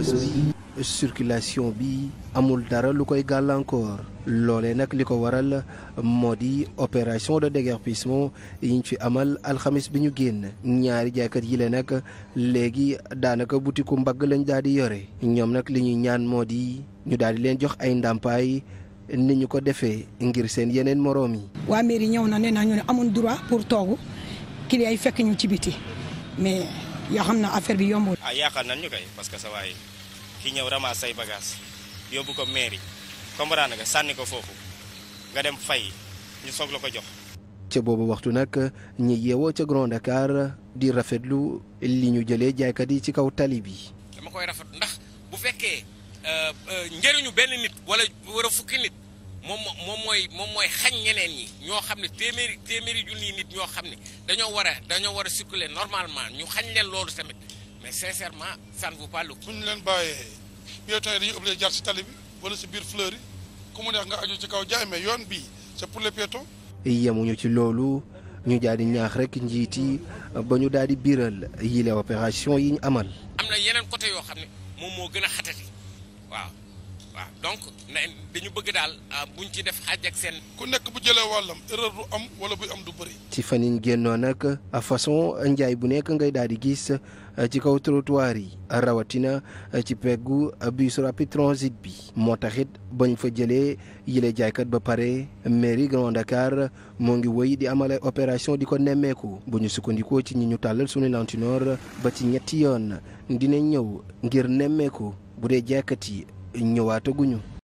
mbëbës bi bi amul dara lu koy gàllankoor loolee nag li ko waral moo di opération de déguerpissement yi ñu fi amal alxamis bi ñu génn ñaari jaaykat yi le nag léegi daanaka butiku mbagg lañ daal di yore ñoom nag li ñuy ñaan moo di ñu daal di leen jox ay ndàmpaay ni ñu ko defee ngir seen yeneen moroom yi. waa mairie ñëw na nee na ñu ne amul droit pour toogu clients fekk ñu ci biti mais. yaa xam na affaire bi yombul. ah yaakaar nañ ñu koy parce que sa waay ki ñëw ramasse say bagage yóbbu ko mairie comprendre nga sànni ko foofu nga dem fay ñu soog la ko jox. ca boobu waxtu nag ñi yeewoo ca Grand Dakar di rafetlu li ñu jëlee jaaykat yi ci kaw tali bi. dama koy rafet ndax bu fekkee euh, euh, njëriñu benn nit wala wala fukki nit. moom moom mooy moom mooy xañ ñeneen ñi ñoo xam ne téeméeri téeméeri junni nit ñoo xam ne dañoo war a dañoo war a circuler normalement ñu xañ leen loolu tamit mais sincèrement ça ne vaut pas le ñu leen bàyyee piétons yi dañuy obligé jaar si tali wala si biir fleur yi ku mu nga aju ci kaw jaay yoon bii c'est pour yemuñu ci loolu ñu daal di ñaax rek njiit yi ba ñu daal di biiral yile opération yi ñu amal. am na yeneen côté yoo xam ne moom moo gën a xatati waaw. waaw donc na dañu bëgg daal euh, buñ ci def xaaj ak seen. ku nekk bu jëlee wàllam erreur du am wala buy am du bëri. ci fan génnoo nag façon njaay bu nekk ngay daal di gis euh, ci kaw trottoir yi rawatina euh, ci peggu bus rapide transit bi moo taxit bañ fa jëlee yile jaaykat ba pare mairie Grand Dakar moo ngi woy di amale opération di ko nemmeeku bu ñu sukkandikoo ci ñi ñu tàllal suñu lantinoor ba ci ñetti yoon dinañ ñëw ngir nemmeeku bu dee jaaykat yi. ñëwaataguñu.